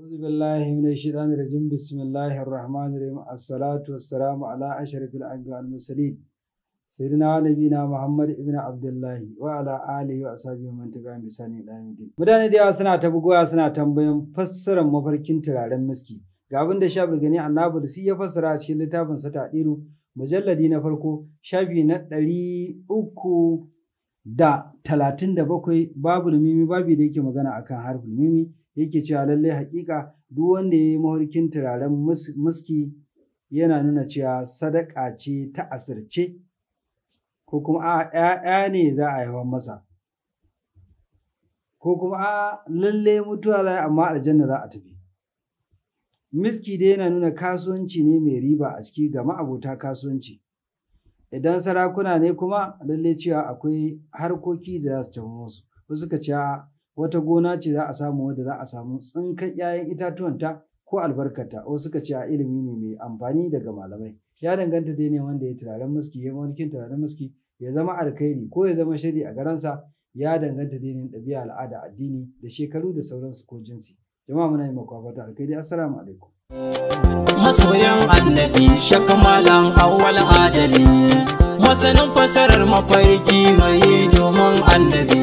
أعوذ بالله من الشيطان الرجيم بسم الله الرحمن الرحيم الصلاة والسلام على أشرف الأنبياء والمرسلين سيدنا نبينا محمد ابن عبد الله وعلى آله وأصحابه من تبعهم بإحسان إلى يوم الدين mutane da yawa suna ta bugowa suna tambayan fassarar mafarkin turaren miski ga abin da shafi gani annabi da ya fassara a cikin littafin sa tadiru mujalladi na farko shafi na ɗari uku da talatin da bakwai babu mimi babu da yake magana akan harfin mimi yake cewa lallai haƙiƙa duk wanda ya yi mahorkin turaren muski yana nuna cewa sadaka ce ta asirce ko kuma a ‘ya'ya ne za a haifar masa ko kuma a lalle mutuwa za amma aljanna za a tafi miski dai yana nuna kasuwanci ne mai riba a ciki ga ma'abuta kasuwanci idan sarakuna ne kuma lalle cewa akwai harkoki da za su tafi musu wasu ka cewa. wata gona ce za a samu wadda za a samu tsinkan 'ya'yan itatuwanta ko albarkata wasu suka ce a ilimi ne mai amfani daga malamai ya danganta dai ne wanda ya turaren muski ya mawarkin turaren muski ya zama alkhairi ko ya zama shari a garansa ya danganta dai ne ɗabi'a al'ada addini da shekaru da sauransu ko jinsi jama'a muna yi makwa fata alkhairi assalamu alaikum masoyan annabi shakamalan awwal adali masanin fasarar mafarki mai domin annabi